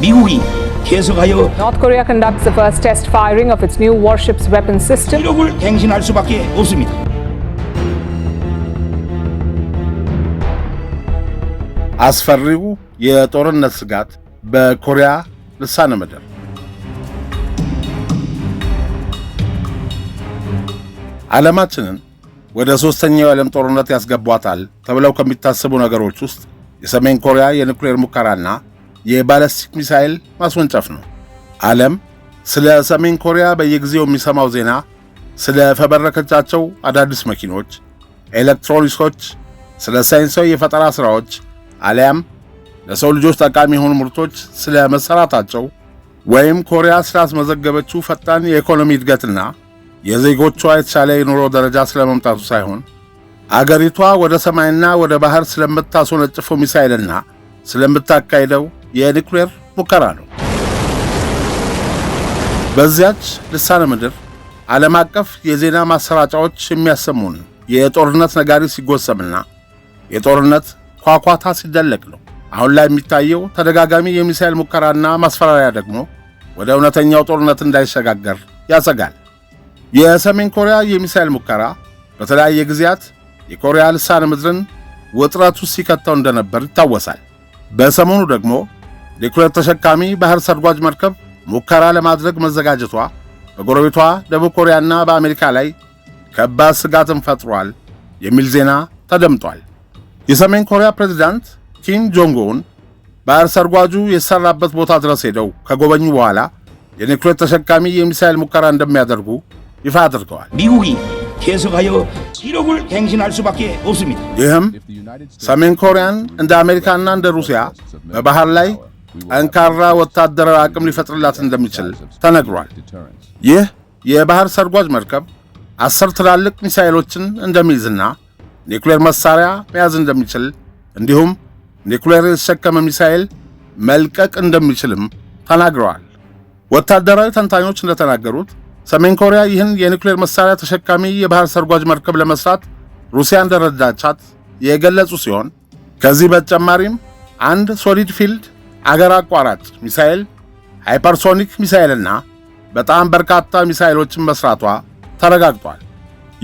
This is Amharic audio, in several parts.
미국이 계속하여 North Korea conducts the first test firing of its new warship's weapon system. 기록을 갱신할 수밖에 없습니다. 아스파르고 የጦርነት ስጋት በኮሪያ ልሳነ ምድር ዓለማችንን ወደ ሦስተኛው የዓለም ጦርነት ያስገቧታል ተብለው ከሚታሰቡ ነገሮች ውስጥ የሰሜን ኮሪያ የኒውክሌር ሙከራና የባለስቲክ ሚሳይል ማስወንጨፍ ነው። ዓለም ስለ ሰሜን ኮሪያ በየጊዜው የሚሰማው ዜና ስለ ፈበረከቻቸው አዳዲስ መኪኖች፣ ኤሌክትሮኒክሶች፣ ስለ ሳይንሳዊ የፈጠራ ሥራዎች አሊያም ለሰው ልጆች ጠቃሚ የሆኑ ምርቶች ስለ መሠራታቸው ወይም ኮሪያ ስላስመዘገበችው ፈጣን የኢኮኖሚ እድገትና የዜጎቿ የተሻለ የኑሮ ደረጃ ስለመምጣቱ ሳይሆን አገሪቷ ወደ ሰማይና ወደ ባህር ስለምታስወነጭፈው ሚሳይልና ስለምታካሂደው የኒውክሌር ሙከራ ነው። በዚያች ልሳነ ምድር ዓለም አቀፍ የዜና ማሰራጫዎች የሚያሰሙን የጦርነት ነጋሪ ሲጎሰምና የጦርነት ኳኳታ ሲደለቅ ነው። አሁን ላይ የሚታየው ተደጋጋሚ የሚሳኤል ሙከራና ማስፈራሪያ ደግሞ ወደ እውነተኛው ጦርነት እንዳይሸጋገር ያሰጋል። የሰሜን ኮሪያ የሚሳኤል ሙከራ በተለያየ ጊዜያት የኮሪያ ልሳነ ምድርን ውጥረት ውስጥ ሲከተው እንደነበር ይታወሳል። በሰሞኑ ደግሞ የኩሬት ተሸካሚ ባህር ሰርጓጅ መርከብ ሙከራ ለማድረግ መዘጋጀቷ በጎረቤቷ ደቡብ ኮሪያና በአሜሪካ ላይ ከባድ ስጋትን ፈጥሯል የሚል ዜና ተደምጧል። የሰሜን ኮሪያ ፕሬዚዳንት ኪም ጆንግ ኡን ባህር ሰርጓጁ የተሰራበት ቦታ ድረስ ሄደው ከጎበኙ በኋላ የኒኩሌት ተሸካሚ የሚሳኤል ሙከራ እንደሚያደርጉ ይፋ አድርገዋል። ይህም ሰሜን ኮሪያን እንደ አሜሪካና እንደ ሩሲያ በባህር ላይ ጠንካራ ወታደራዊ አቅም ሊፈጥርላት እንደሚችል ተነግሯል። ይህ የባህር ሰርጓጅ መርከብ አስር ትላልቅ ሚሳይሎችን እንደሚይዝና ኒኩሌር መሳሪያ መያዝ እንደሚችል እንዲሁም ኒኩሌር የተሸከመ ሚሳይል መልቀቅ እንደሚችልም ተናግረዋል። ወታደራዊ ተንታኞች እንደተናገሩት ሰሜን ኮሪያ ይህን የኒኩሌር መሳሪያ ተሸካሚ የባህር ሰርጓጅ መርከብ ለመስራት ሩሲያ እንደረዳቻት የገለጹ ሲሆን ከዚህ በተጨማሪም አንድ ሶሊድ ፊልድ አገር አቋራጭ ሚሳኤል፣ ሃይፐርሶኒክ ሚሳኤልና በጣም በርካታ ሚሳኤሎችን መስራቷ ተረጋግጧል።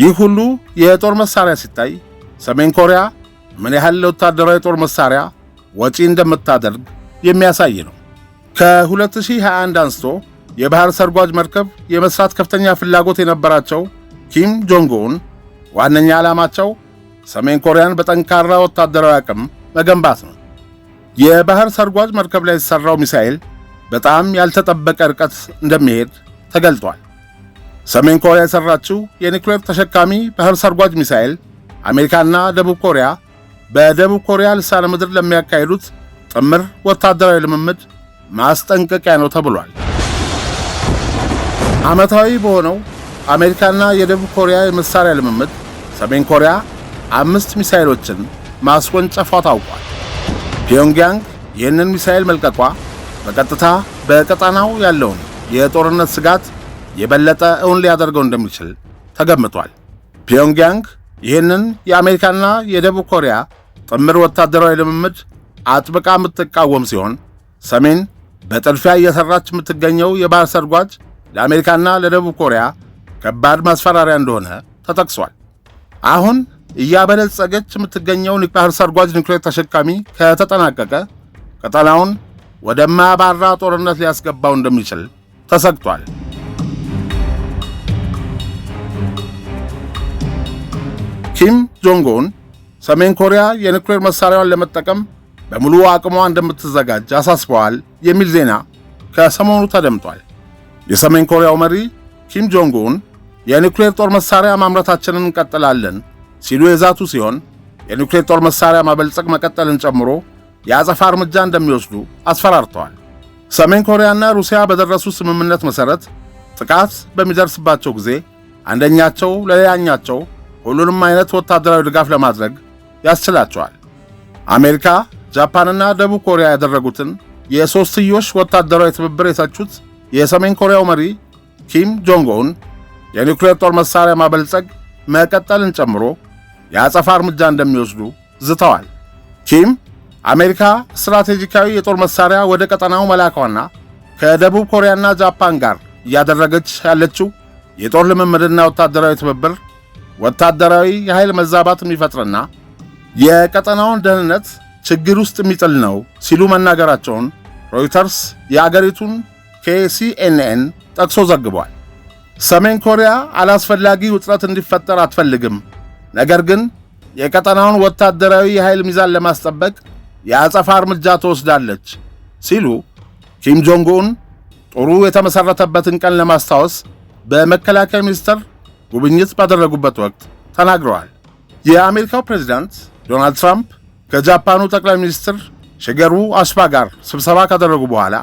ይህ ሁሉ የጦር መሳሪያ ሲታይ ሰሜን ኮሪያ ምን ያህል ለወታደራዊ የጦር መሳሪያ ወጪ እንደምታደርግ የሚያሳይ ነው። ከ2021 አንስቶ የባህር ሰርጓጅ መርከብ የመስራት ከፍተኛ ፍላጎት የነበራቸው ኪም ጆንግ ዋነኛ ዓላማቸው ሰሜን ኮሪያን በጠንካራ ወታደራዊ አቅም መገንባት ነው። የባህር ሰርጓጅ መርከብ ላይ የተሰራው ሚሳኤል በጣም ያልተጠበቀ ርቀት እንደሚሄድ ተገልጧል። ሰሜን ኮሪያ የሰራችው የኒውክሌር ተሸካሚ ባህር ሰርጓጅ ሚሳኤል አሜሪካና ደቡብ ኮሪያ በደቡብ ኮሪያ ልሳነ ምድር ለሚያካሂዱት ጥምር ወታደራዊ ልምምድ ማስጠንቀቂያ ነው ተብሏል። ዓመታዊ በሆነው አሜሪካና የደቡብ ኮሪያ የመሳሪያ ልምምድ ሰሜን ኮሪያ አምስት ሚሳኤሎችን ማስወንጨፏ ታውቋል። ፒዮንግያንግ ይህንን ሚሳኤል መልቀቋ በቀጥታ በቀጣናው ያለውን የጦርነት ስጋት የበለጠ እውን ሊያደርገው እንደሚችል ተገምቷል። ፒዮንግያንግ ይህንን የአሜሪካና የደቡብ ኮሪያ ጥምር ወታደራዊ ልምምድ አጥብቃ የምትቃወም ሲሆን ሰሜን በጥድፊያ እየሰራች የምትገኘው የባህር ሰርጓጅ ለአሜሪካና ለደቡብ ኮሪያ ከባድ ማስፈራሪያ እንደሆነ ተጠቅሷል። አሁን እያበለጸገች የምትገኘው የባህር ሰርጓጅ ኒውክሌር ተሸካሚ ከተጠናቀቀ ቀጠናውን ወደማያባራ ጦርነት ሊያስገባው እንደሚችል ተሰግቷል። ኪም ጆንጎን ሰሜን ኮሪያ የኒውክሌር መሳሪያዋን ለመጠቀም በሙሉ አቅሟ እንደምትዘጋጅ አሳስበዋል የሚል ዜና ከሰሞኑ ተደምጧል። የሰሜን ኮሪያው መሪ ኪም ጆንጎን የኒውክሌር ጦር መሳሪያ ማምረታችንን እንቀጥላለን ሲሉ የዛቱ ሲሆን የኒውክሌር ጦር መሳሪያ ማበልጸግ መቀጠልን ጨምሮ የአጸፋ እርምጃ እንደሚወስዱ አስፈራርተዋል። ሰሜን ኮሪያና ሩሲያ በደረሱ ስምምነት መሠረት ጥቃት በሚደርስባቸው ጊዜ አንደኛቸው ለሌላኛቸው ሁሉንም አይነት ወታደራዊ ድጋፍ ለማድረግ ያስችላቸዋል። አሜሪካ፣ ጃፓንና ደቡብ ኮሪያ ያደረጉትን የሦስትዮሽ ወታደራዊ ትብብር የተቹት የሰሜን ኮሪያው መሪ ኪም ጆንግ ኡን የኒውክሌር ጦር መሣሪያ ማበልጸግ መቀጠልን ጨምሮ የአጸፋ እርምጃ እንደሚወስዱ ዝተዋል። ኪም አሜሪካ ስትራቴጂካዊ የጦር መሳሪያ ወደ ቀጠናው መላኳና ከደቡብ ኮሪያና ጃፓን ጋር እያደረገች ያለችው የጦር ልምምድና ወታደራዊ ትብብር ወታደራዊ የኃይል መዛባት የሚፈጥርና የቀጠናውን ደህንነት ችግር ውስጥ የሚጥል ነው ሲሉ መናገራቸውን ሮይተርስ የአገሪቱን ኬሲኤንኤን ጠቅሶ ዘግቧል። ሰሜን ኮሪያ አላስፈላጊ ውጥረት እንዲፈጠር አትፈልግም ነገር ግን የቀጠናውን ወታደራዊ የኃይል ሚዛን ለማስጠበቅ የአጸፋ እርምጃ ትወስዳለች ሲሉ ኪም ጆንግ ኡን ጦሩ የተመሠረተበትን ቀን ለማስታወስ በመከላከያ ሚኒስቴር ጉብኝት ባደረጉበት ወቅት ተናግረዋል። የአሜሪካው ፕሬዚዳንት ዶናልድ ትራምፕ ከጃፓኑ ጠቅላይ ሚኒስትር ሽገሩ አሽባ ጋር ስብሰባ ካደረጉ በኋላ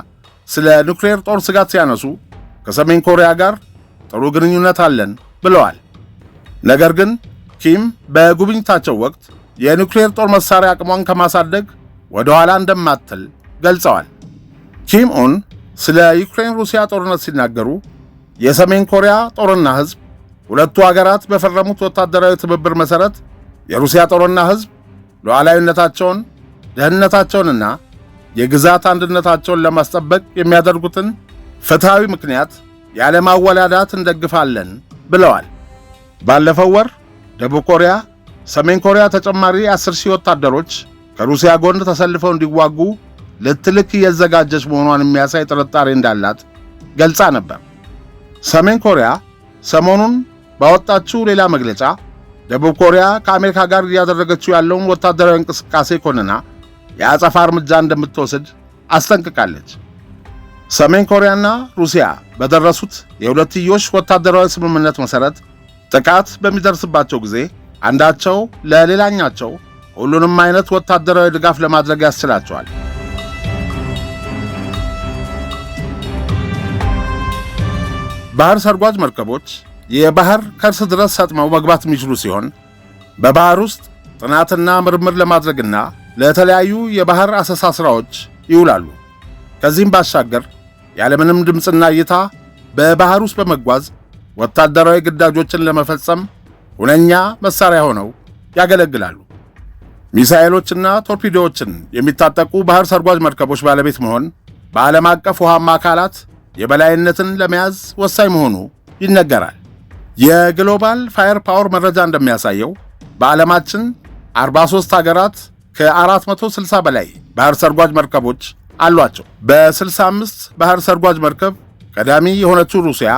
ስለ ኑክሌር ጦር ስጋት ሲያነሱ ከሰሜን ኮሪያ ጋር ጥሩ ግንኙነት አለን ብለዋል። ነገር ግን ኪም በጉብኝታቸው ወቅት የኒውክሌር ጦር መሳሪያ አቅሟን ከማሳደግ ወደ ኋላ እንደማትል ገልጸዋል። ኪም ኡን ስለ ዩክሬን ሩሲያ ጦርነት ሲናገሩ የሰሜን ኮሪያ ጦርና ሕዝብ ሁለቱ አገራት በፈረሙት ወታደራዊ ትብብር መሠረት የሩሲያ ጦርና ሕዝብ ሉዓላዊነታቸውን፣ ደህንነታቸውንና የግዛት አንድነታቸውን ለማስጠበቅ የሚያደርጉትን ፍትሐዊ ምክንያት ያለማወላዳት እንደግፋለን ብለዋል። ባለፈው ወር ደቡብ ኮሪያ፣ ሰሜን ኮሪያ ተጨማሪ አስር ሺህ ወታደሮች ከሩሲያ ጎን ተሰልፈው እንዲዋጉ ልትልክ እየተዘጋጀች መሆኗን የሚያሳይ ጥርጣሬ እንዳላት ገልጻ ነበር። ሰሜን ኮሪያ ሰሞኑን ባወጣችው ሌላ መግለጫ ደቡብ ኮሪያ ከአሜሪካ ጋር እያደረገችው ያለውን ወታደራዊ እንቅስቃሴ ኮንና የአጸፋ እርምጃ እንደምትወስድ አስጠንቅቃለች። ሰሜን ኮሪያና ሩሲያ በደረሱት የሁለትዮሽ ወታደራዊ ስምምነት መሠረት ጥቃት በሚደርስባቸው ጊዜ አንዳቸው ለሌላኛቸው ሁሉንም አይነት ወታደራዊ ድጋፍ ለማድረግ ያስችላቸዋል። ባህር ሰርጓጅ መርከቦች የባህር ከርስ ድረስ ሰጥመው መግባት የሚችሉ ሲሆን በባህር ውስጥ ጥናትና ምርምር ለማድረግና ለተለያዩ የባህር አሰሳ ሥራዎች ይውላሉ። ከዚህም ባሻገር ያለምንም ድምፅና እይታ በባህር ውስጥ በመጓዝ ወታደራዊ ግዳጆችን ለመፈጸም ሁነኛ መሳሪያ ሆነው ያገለግላሉ። ሚሳኤሎችና ቶርፒዶዎችን የሚታጠቁ ባህር ሰርጓጅ መርከቦች ባለቤት መሆን በዓለም አቀፍ ውሃማ አካላት የበላይነትን ለመያዝ ወሳኝ መሆኑ ይነገራል። የግሎባል ፋየር ፓወር መረጃ እንደሚያሳየው በዓለማችን 43 ሀገራት ከ460 በላይ ባህር ሰርጓጅ መርከቦች አሏቸው። በ65 ባህር ሰርጓጅ መርከብ ቀዳሚ የሆነችው ሩሲያ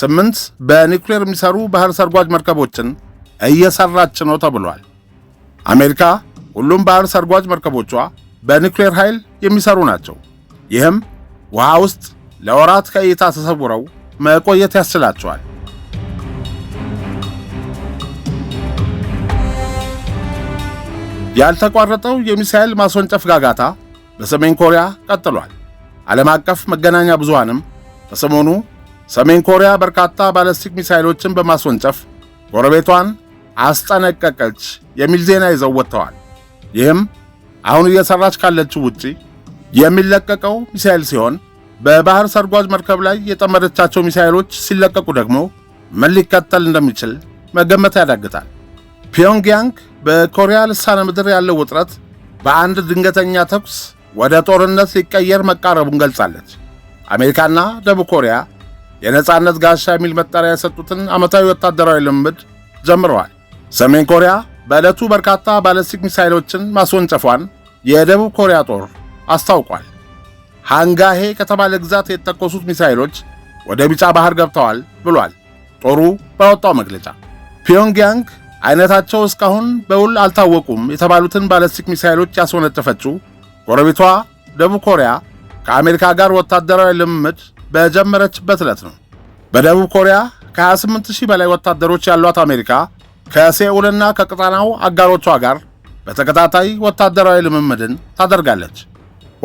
ስምንት በኒውክሌር የሚሰሩ ባህር ሰርጓጅ መርከቦችን እየሰራች ነው ተብሏል። አሜሪካ ሁሉም ባህር ሰርጓጅ መርከቦቿ በኒውክሌር ኃይል የሚሰሩ ናቸው። ይህም ውሃ ውስጥ ለወራት ከእይታ ተሰውረው መቆየት ያስችላቸዋል። ያልተቋረጠው የሚሳኤል ማስወንጨፍ ጋጋታ በሰሜን ኮሪያ ቀጥሏል። ዓለም አቀፍ መገናኛ ብዙሃንም በሰሞኑ ሰሜን ኮሪያ በርካታ ባለስቲክ ሚሳይሎችን በማስወንጨፍ ጎረቤቷን አስጠነቀቀች የሚል ዜና ይዘው ወጥተዋል። ይህም አሁን እየሰራች ካለችው ውጪ የሚለቀቀው ሚሳይል ሲሆን በባህር ሰርጓጅ መርከብ ላይ የጠመደቻቸው ሚሳይሎች ሲለቀቁ ደግሞ ምን ሊከተል እንደሚችል መገመት ያዳግታል። ፒዮንግያንግ በኮሪያ ልሳነ ምድር ያለው ውጥረት በአንድ ድንገተኛ ተኩስ ወደ ጦርነት ሊቀየር መቃረቡን ገልጻለች። አሜሪካና ደቡብ ኮሪያ የነፃነት ጋሻ የሚል መጠሪያ የሰጡትን ዓመታዊ ወታደራዊ ልምምድ ጀምረዋል። ሰሜን ኮሪያ በዕለቱ በርካታ ባለስቲክ ሚሳይሎችን ማስወንጨፏን የደቡብ ኮሪያ ጦር አስታውቋል። ሃንጋሄ ከተባለ ግዛት የተተኮሱት ሚሳይሎች ወደ ቢጫ ባህር ገብተዋል ብሏል ጦሩ ባወጣው መግለጫ። ፒዮንግያንግ አይነታቸው እስካሁን በውል አልታወቁም የተባሉትን ባለስቲክ ሚሳይሎች ያስወነጨፈችው ጎረቤቷ ደቡብ ኮሪያ ከአሜሪካ ጋር ወታደራዊ ልምምድ በጀመረችበት ዕለት ነው። በደቡብ ኮሪያ ከ ሺህ በላይ ወታደሮች ያሏት አሜሪካ ከሴኡልና ከቀጣናው አጋሮቿ ጋር በተከታታይ ወታደራዊ ልምምድን ታደርጋለች።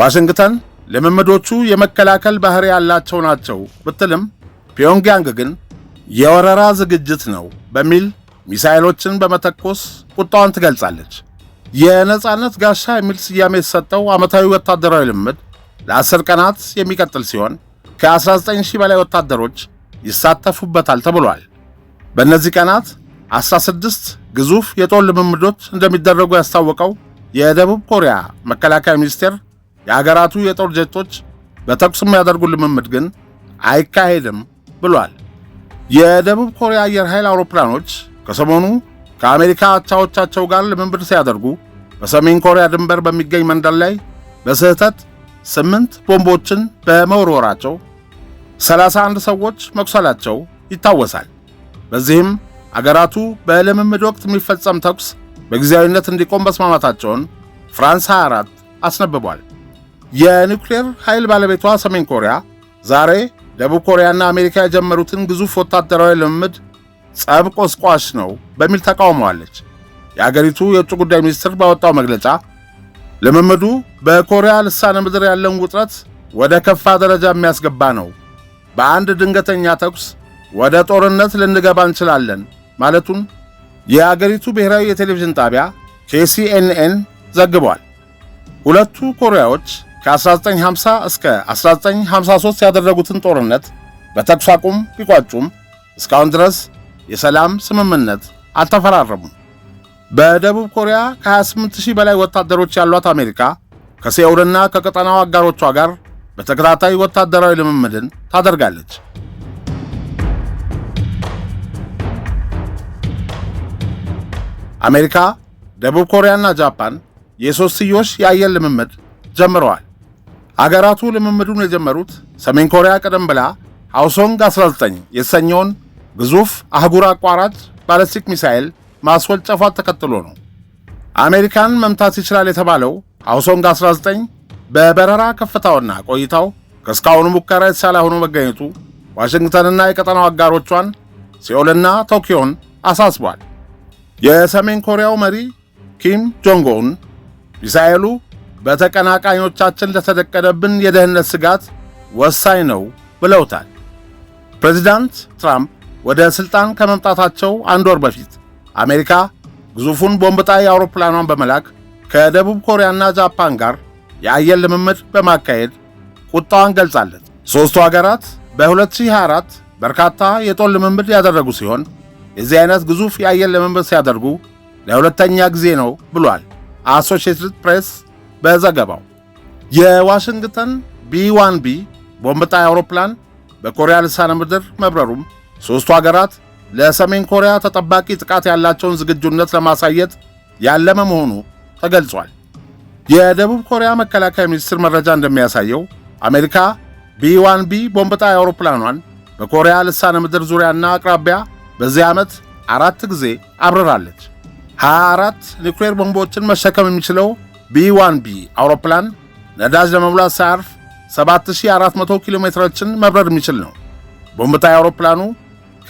ዋሽንግተን ልምምዶቹ የመከላከል ባህሪ ያላቸው ናቸው ብትልም ፒዮንግያንግ ግን የወረራ ዝግጅት ነው በሚል ሚሳይሎችን በመተኮስ ቁጣዋን ትገልጻለች። የነጻነት ጋሻ የሚል ስያሜ የተሰጠው ዓመታዊ ወታደራዊ ልምምድ ለአስር ቀናት የሚቀጥል ሲሆን ከ19ሺህ በላይ ወታደሮች ይሳተፉበታል ተብሏል። በእነዚህ ቀናት 16 ግዙፍ የጦር ልምምዶች እንደሚደረጉ ያስታወቀው የደቡብ ኮሪያ መከላከያ ሚኒስቴር የአገራቱ የጦር ጀቶች በተኩስ የሚያደርጉ ልምምድ ግን አይካሄድም ብሏል። የደቡብ ኮሪያ አየር ኃይል አውሮፕላኖች ከሰሞኑ ከአሜሪካ አቻዎቻቸው ጋር ልምምድ ሲያደርጉ በሰሜን ኮሪያ ድንበር በሚገኝ መንደር ላይ በስህተት ስምንት ቦምቦችን በመወርወራቸው 31 ሰዎች መቁሰላቸው ይታወሳል። በዚህም አገራቱ በልምምድ ወቅት የሚፈጸም ተኩስ በጊዜያዊነት እንዲቆም መስማማታቸውን ፍራንስ 24 አስነብቧል። የኒውክሌር ኃይል ባለቤቷ ሰሜን ኮሪያ ዛሬ ደቡብ ኮሪያና አሜሪካ የጀመሩትን ግዙፍ ወታደራዊ ልምምድ ጸብ ቆስቋሽ ነው በሚል ተቃውመዋለች። የአገሪቱ የውጭ ጉዳይ ሚኒስትር ባወጣው መግለጫ ልምምዱ በኮሪያ ልሳነ ምድር ያለውን ውጥረት ወደ ከፋ ደረጃ የሚያስገባ ነው በአንድ ድንገተኛ ተኩስ ወደ ጦርነት ልንገባ እንችላለን ማለቱን የአገሪቱ ብሔራዊ የቴሌቪዥን ጣቢያ ኬሲኤንኤን ዘግቧል። ሁለቱ ኮሪያዎች ከ1950 እስከ 1953 ያደረጉትን ጦርነት በተኩስ አቁም ቢቋጩም እስካሁን ድረስ የሰላም ስምምነት አልተፈራረሙም። በደቡብ ኮሪያ ከ28 ሺህ በላይ ወታደሮች ያሏት አሜሪካ ከሴውልና ከቀጠናው አጋሮቿ ጋር በተከታታይ ወታደራዊ ልምምድን ታደርጋለች። አሜሪካ፣ ደቡብ ኮሪያና ጃፓን የሶስትዮሽ የአየር ልምምድ ጀምረዋል። አገራቱ ልምምዱን የጀመሩት ሰሜን ኮሪያ ቀደም ብላ ሃውሶንግ 19 የተሰኘውን ግዙፍ አህጉር አቋራጭ ባለስቲክ ሚሳኤል ማስወንጨፏት ተከትሎ ነው። አሜሪካን መምታት ይችላል የተባለው ሃውሶንግ 19 በበረራ ከፍታውና ቆይታው ከእስካሁኑ ሙከራ የተሻለ ሆኖ መገኘቱ ዋሽንግተንና የቀጠናው አጋሮቿን ሲኦልና ቶኪዮን አሳስቧል። የሰሜን ኮሪያው መሪ ኪም ጆንግ ኡን ሚሳኤሉ በተቀናቃኞቻችን ለተደቀነብን የደህንነት ስጋት ወሳኝ ነው ብለውታል። ፕሬዚዳንት ትራምፕ ወደ ሥልጣን ከመምጣታቸው አንድ ወር በፊት አሜሪካ ግዙፉን ቦምብ ጣይ አውሮፕላኗን በመላክ ከደቡብ ኮሪያና ጃፓን ጋር የአየር ልምምድ በማካሄድ ቁጣዋን ገልጻለች። ሦስቱ አገራት በ2024 በርካታ የጦር ልምምድ ያደረጉ ሲሆን የዚህ አይነት ግዙፍ የአየር ልምምድ ሲያደርጉ ለሁለተኛ ጊዜ ነው ብሏል አሶሺየትድ ፕሬስ በዘገባው። የዋሽንግተን ቢ1 ቢ ቦምብ ጣይ አውሮፕላን በኮሪያ ልሳነ ምድር መብረሩም ሦስቱ አገራት ለሰሜን ኮሪያ ተጠባቂ ጥቃት ያላቸውን ዝግጁነት ለማሳየት ያለመ መሆኑ ተገልጿል። የደቡብ ኮሪያ መከላከያ ሚኒስትር መረጃ እንደሚያሳየው አሜሪካ ቢ1ቢ ቦምብ ጣይ አውሮፕላኗን በኮሪያ ልሳነ ምድር ዙሪያና አቅራቢያ በዚህ ዓመት አራት ጊዜ አብረራለች። 24 ኒውክሌር ቦምቦችን መሸከም የሚችለው ቢ1ቢ አውሮፕላን ነዳጅ ለመሙላት ሳያርፍ 7400 ኪሎ ሜትሮችን መብረር የሚችል ነው። ቦምብ ጣይ አውሮፕላኑ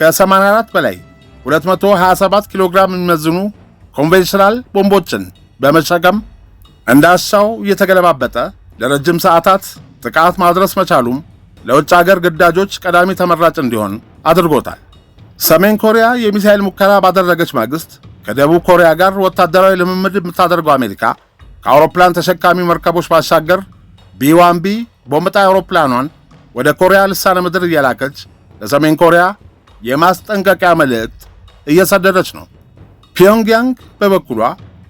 ከ84 በላይ 227 ኪሎ ግራም የሚመዝኑ ኮንቬንሽናል ቦምቦችን በመሸከም እንዳሻው እየተገለባበጠ ለረጅም ሰዓታት ጥቃት ማድረስ መቻሉም ለውጭ አገር ግዳጆች ቀዳሚ ተመራጭ እንዲሆን አድርጎታል። ሰሜን ኮሪያ የሚሳኤል ሙከራ ባደረገች ማግስት ከደቡብ ኮሪያ ጋር ወታደራዊ ልምምድ የምታደርገው አሜሪካ ከአውሮፕላን ተሸካሚ መርከቦች ባሻገር ቢዋንቢ ቦምጣ አውሮፕላኗን ወደ ኮሪያ ልሳነ ምድር እየላከች ለሰሜን ኮሪያ የማስጠንቀቂያ መልእክት እየሰደደች ነው። ፒዮንግያንግ በበኩሏ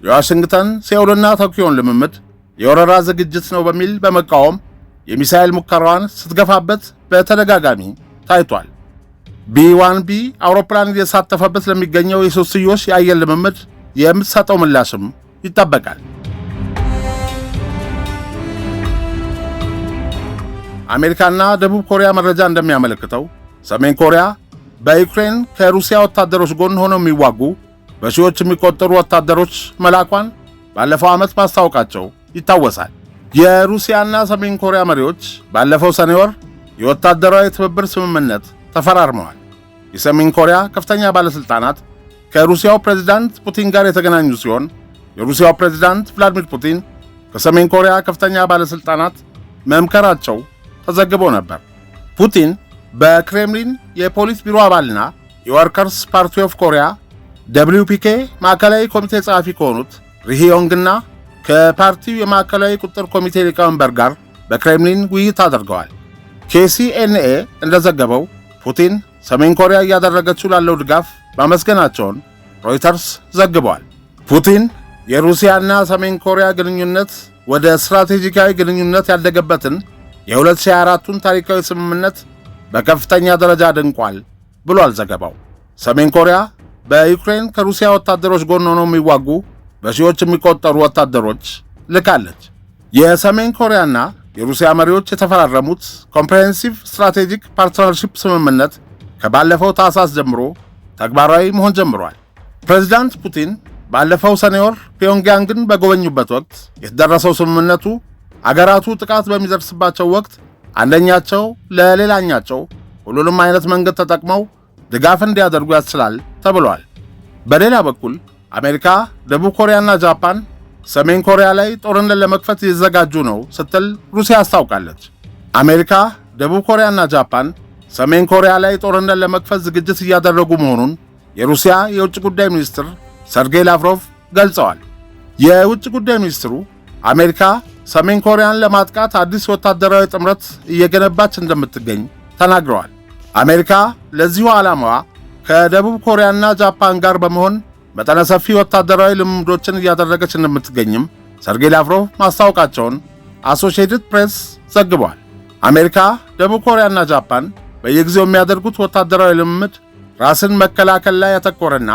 የዋሽንግተን ሴውልና ቶኪዮን ልምምድ የወረራ ዝግጅት ነው በሚል በመቃወም የሚሳኤል ሙከራዋን ስትገፋበት በተደጋጋሚ ታይቷል። ቢ1 ቢ አውሮፕላን እየተሳተፈበት ለሚገኘው የሶስትዮሽ የአየር ልምምድ የምትሰጠው ምላሽም ይጠበቃል። አሜሪካና ደቡብ ኮሪያ መረጃ እንደሚያመለክተው ሰሜን ኮሪያ በዩክሬን ከሩሲያ ወታደሮች ጎን ሆነው የሚዋጉ በሺዎች የሚቆጠሩ ወታደሮች መላኳን ባለፈው ዓመት ማስታወቃቸው ይታወሳል። የሩሲያና ሰሜን ኮሪያ መሪዎች ባለፈው ሰኔ ወር የወታደራዊ ትብብር ስምምነት ተፈራርመዋል። የሰሜን ኮሪያ ከፍተኛ ባለሥልጣናት ከሩሲያው ፕሬዝዳንት ፑቲን ጋር የተገናኙ ሲሆን የሩሲያው ፕሬዝዳንት ቭላዲሚር ፑቲን ከሰሜን ኮሪያ ከፍተኛ ባለሥልጣናት መምከራቸው ተዘግቦ ነበር። ፑቲን በክሬምሊን የፖሊስ ቢሮ አባልና የወርከርስ ፓርቲ ኦፍ ኮሪያ ደብሊው ፒኬ ማዕከላዊ ኮሚቴ ጸሐፊ ከሆኑት ሪሂዮንግና ከፓርቲው የማዕከላዊ ቁጥር ኮሚቴ ሊቀመንበር ጋር በክሬምሊን ውይይት አድርገዋል። ኬሲኤንኤ እንደዘገበው ፑቲን ሰሜን ኮሪያ እያደረገችው ላለው ድጋፍ ማመስገናቸውን ሮይተርስ ዘግበዋል። ፑቲን የሩሲያና ሰሜን ኮሪያ ግንኙነት ወደ ስትራቴጂካዊ ግንኙነት ያደገበትን የ2024ቱን ታሪካዊ ስምምነት በከፍተኛ ደረጃ አድንቋል ብሏል ዘገባው። ሰሜን ኮሪያ በዩክሬን ከሩሲያ ወታደሮች ጎን ሆነው የሚዋጉ በሺዎች የሚቆጠሩ ወታደሮች ልካለች። የሰሜን ኮሪያና የሩሲያ መሪዎች የተፈራረሙት ኮምፕሬሄንሲቭ ስትራቴጂክ ፓርትነርሺፕ ስምምነት ከባለፈው ታህሳስ ጀምሮ ተግባራዊ መሆን ጀምሯል። ፕሬዚዳንት ፑቲን ባለፈው ሰኔ ወር ፒዮንግያንግን በጎበኙበት ወቅት የተደረሰው ስምምነቱ አገራቱ ጥቃት በሚደርስባቸው ወቅት አንደኛቸው ለሌላኛቸው ሁሉንም አይነት መንገድ ተጠቅመው ድጋፍ እንዲያደርጉ ያስችላል ተብሏል። በሌላ በኩል አሜሪካ፣ ደቡብ ኮሪያና ጃፓን ሰሜን ኮሪያ ላይ ጦርነት ለመክፈት እየተዘጋጁ ነው ስትል ሩሲያ አስታውቃለች። አሜሪካ፣ ደቡብ ኮሪያና ጃፓን ሰሜን ኮሪያ ላይ ጦርነት ለመክፈት ዝግጅት እያደረጉ መሆኑን የሩሲያ የውጭ ጉዳይ ሚኒስትር ሰርጌይ ላቭሮቭ ገልጸዋል። የውጭ ጉዳይ ሚኒስትሩ አሜሪካ ሰሜን ኮሪያን ለማጥቃት አዲስ ወታደራዊ ጥምረት እየገነባች እንደምትገኝ ተናግረዋል። አሜሪካ ለዚሁ ዓላማዋ ከደቡብ ኮሪያና ጃፓን ጋር በመሆን መጠነ ሰፊ ወታደራዊ ልምምዶችን እያደረገች እንደምትገኝም ሰርጌይ ላቭሮቭ ማስታወቃቸውን አሶሺየትድ ፕሬስ ዘግቧል። አሜሪካ፣ ደቡብ ኮሪያና ጃፓን በየጊዜው የሚያደርጉት ወታደራዊ ልምምድ ራስን መከላከል ላይ ያተኮረና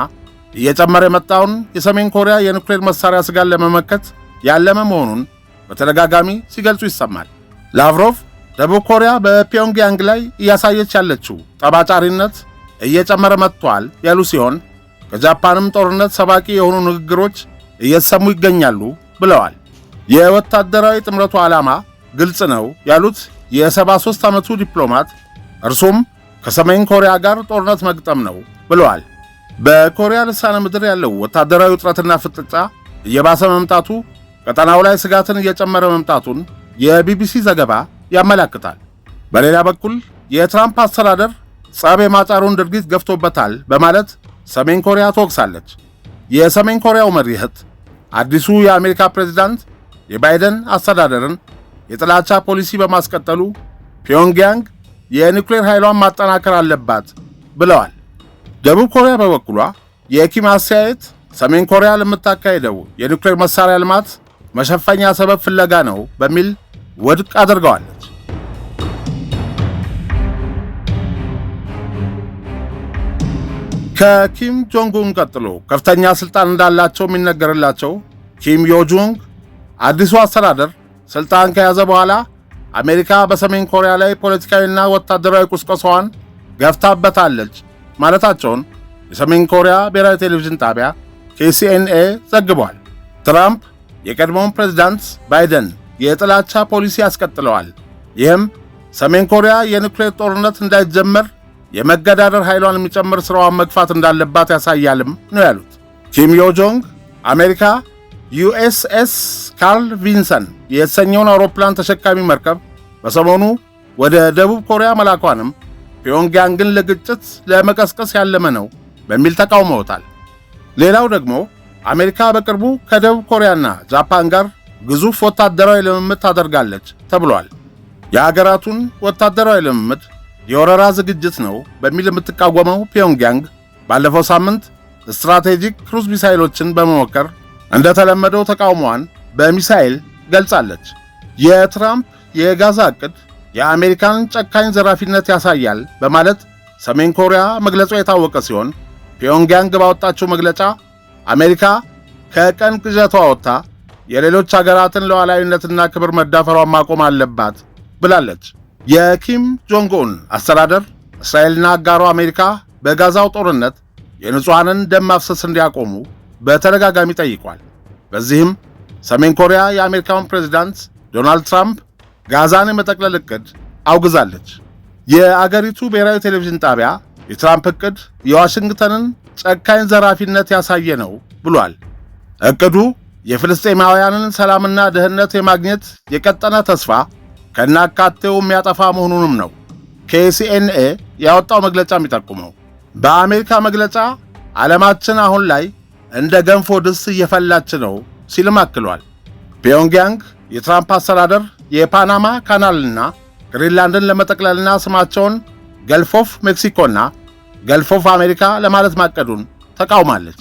እየጨመረ የመጣውን የሰሜን ኮሪያ የኑክሌር መሳሪያ ስጋን ለመመከት ያለመ መሆኑን በተደጋጋሚ ሲገልጹ ይሰማል። ላቭሮቭ ደቡብ ኮሪያ በፒዮንግያንግ ላይ እያሳየች ያለችው ጠባጫሪነት እየጨመረ መጥቷል ያሉ ሲሆን ከጃፓንም ጦርነት ሰባቂ የሆኑ ንግግሮች እየተሰሙ ይገኛሉ ብለዋል። የወታደራዊ ጥምረቱ ዓላማ ግልጽ ነው ያሉት የ73 ዓመቱ ዲፕሎማት እርሱም ከሰሜን ኮሪያ ጋር ጦርነት መግጠም ነው ብለዋል። በኮሪያ ልሳነ ምድር ያለው ወታደራዊ ውጥረትና ፍጥጫ እየባሰ መምጣቱ ቀጠናው ላይ ስጋትን እየጨመረ መምጣቱን የቢቢሲ ዘገባ ያመላክታል። በሌላ በኩል የትራምፕ አስተዳደር ጸብ የማጫሩን ድርጊት ገፍቶበታል በማለት ሰሜን ኮሪያ ትወቅሳለች። የሰሜን ኮሪያው መሪ እህት አዲሱ የአሜሪካ ፕሬዝዳንት የባይደን አስተዳደርን የጥላቻ ፖሊሲ በማስቀጠሉ ፒዮንግያንግ የኒውክሌር ኃይሏን ማጠናከር አለባት ብለዋል። ደቡብ ኮሪያ በበኩሏ የኪም አስተያየት ሰሜን ኮሪያ ለምታካሄደው የኒውክሌር መሳሪያ ልማት መሸፈኛ ሰበብ ፍለጋ ነው በሚል ውድቅ አድርገዋል። ከኪም ጆንጉን ቀጥሎ ከፍተኛ ስልጣን እንዳላቸው የሚነገርላቸው ኪም ዮጁንግ አዲሱ አስተዳደር ስልጣን ከያዘ በኋላ አሜሪካ በሰሜን ኮሪያ ላይ ፖለቲካዊና ወታደራዊ ቁስቆሳዋን ገፍታበታለች ማለታቸውን የሰሜን ኮሪያ ብሔራዊ ቴሌቪዥን ጣቢያ ኬሲኤንኤ ዘግቧል። ትራምፕ የቀድሞውን ፕሬዝዳንት ባይደን የጥላቻ ፖሊሲ አስቀጥለዋል። ይህም ሰሜን ኮሪያ የኒውክሌር ጦርነት እንዳይጀመር የመገዳደር ኃይሏን የሚጨምር ስራዋን መግፋት እንዳለባት ያሳያልም ነው ያሉት። ኪም ዮጆንግ አሜሪካ ዩኤስኤስ ካርል ቪንሰን የተሰኘውን አውሮፕላን ተሸካሚ መርከብ በሰሞኑ ወደ ደቡብ ኮሪያ መላኳንም ፒዮንግያንግን ለግጭት ለመቀስቀስ ያለመ ነው በሚል ተቃውመውታል። ሌላው ደግሞ አሜሪካ በቅርቡ ከደቡብ ኮሪያና ጃፓን ጋር ግዙፍ ወታደራዊ ልምምድ ታደርጋለች ተብሏል። የአገራቱን ወታደራዊ ልምምድ የወረራ ዝግጅት ነው በሚል የምትቃወመው ፒዮንግያንግ ባለፈው ሳምንት ስትራቴጂክ ክሩዝ ሚሳይሎችን በመሞከር እንደተለመደው ተቃውሞዋን በሚሳይል ገልጻለች። የትራምፕ የጋዛ ዕቅድ የአሜሪካን ጨካኝ ዘራፊነት ያሳያል በማለት ሰሜን ኮሪያ መግለጿ የታወቀ ሲሆን ፒዮንግያንግ ባወጣችው መግለጫ አሜሪካ ከቀን ቅዠቷ ወጥታ የሌሎች ሀገራትን ሉዓላዊነትና ክብር መዳፈሯን ማቆም አለባት ብላለች። የኪም ጆንግ አስተዳደር እስራኤልና አጋሩ አሜሪካ በጋዛው ጦርነት የንጹሐንን ደም ማፍሰስ እንዲያቆሙ በተደጋጋሚ ጠይቋል። በዚህም ሰሜን ኮሪያ የአሜሪካውን ፕሬዚዳንት ዶናልድ ትራምፕ ጋዛን የመጠቅለል ዕቅድ አውግዛለች። የአገሪቱ ብሔራዊ ቴሌቪዥን ጣቢያ የትራምፕ ዕቅድ የዋሽንግተንን ጨካኝ ዘራፊነት ያሳየ ነው ብሏል። እቅዱ የፍልስጤማውያንን ሰላምና ደህንነት የማግኘት የቀጠነ ተስፋ ከናካቴው የሚያጠፋ መሆኑንም ነው ከሲኤንኤ ያወጣው መግለጫ የሚጠቁመው። በአሜሪካ መግለጫ ዓለማችን አሁን ላይ እንደ ገንፎ ድስት እየፈላች ነው ሲልም አክሏል። ፒዮንግያንግ የትራምፕ አስተዳደር የፓናማ ካናልና ግሪንላንድን ለመጠቅለልና ስማቸውን ገልፎፍ ሜክሲኮና ገልፎፍ አሜሪካ ለማለት ማቀዱን ተቃውማለች።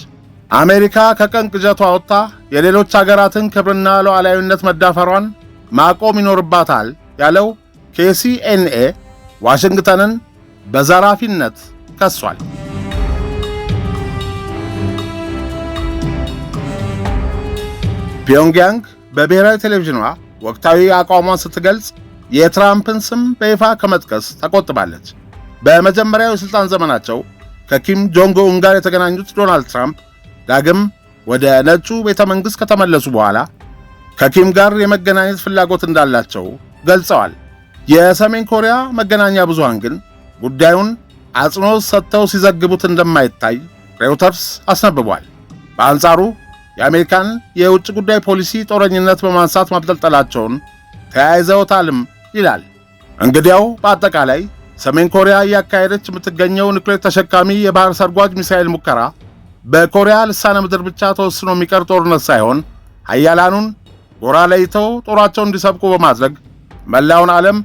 አሜሪካ ከቀን ቅጀቷ ወጥታ የሌሎች አገራትን ክብርና ሉዓላዊነት መዳፈሯን ማቆም ይኖርባታል ያለው ከሲኤንኤ ዋሽንግተንን በዘራፊነት ከሷል። ፒዮንግያንግ በብሔራዊ ቴሌቪዥኗ ወቅታዊ አቋሟን ስትገልጽ የትራምፕን ስም በይፋ ከመጥቀስ ተቆጥባለች። በመጀመሪያው የሥልጣን ዘመናቸው ከኪም ጆንግ ኡን ጋር የተገናኙት ዶናልድ ትራምፕ ዳግም ወደ ነጩ ቤተ መንግሥት ከተመለሱ በኋላ ከኪም ጋር የመገናኘት ፍላጎት እንዳላቸው ገልጸዋል። የሰሜን ኮሪያ መገናኛ ብዙሃን ግን ጉዳዩን አጽንኦት ሰጥተው ሲዘግቡት እንደማይታይ ሬውተርስ አስነብቧል። በአንጻሩ የአሜሪካን የውጭ ጉዳይ ፖሊሲ ጦረኝነት በማንሳት ማብጠልጠላቸውን ተያይዘውታልም ይላል። እንግዲያው በአጠቃላይ ሰሜን ኮሪያ እያካሄደች የምትገኘው ኒውክሌር ተሸካሚ የባህር ሰርጓጅ ሚሳኤል ሙከራ በኮሪያ ልሳነ ምድር ብቻ ተወስኖ የሚቀር ጦርነት ሳይሆን ሀያላኑን ጎራ ለይተው ጦራቸውን እንዲሰብቁ በማድረግ መላውን ዓለም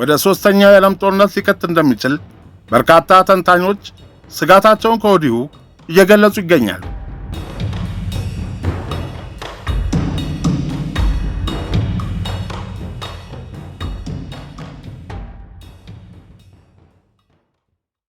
ወደ ሦስተኛው የዓለም ጦርነት ሊከት እንደሚችል በርካታ ተንታኞች ስጋታቸውን ከወዲሁ እየገለጹ ይገኛሉ።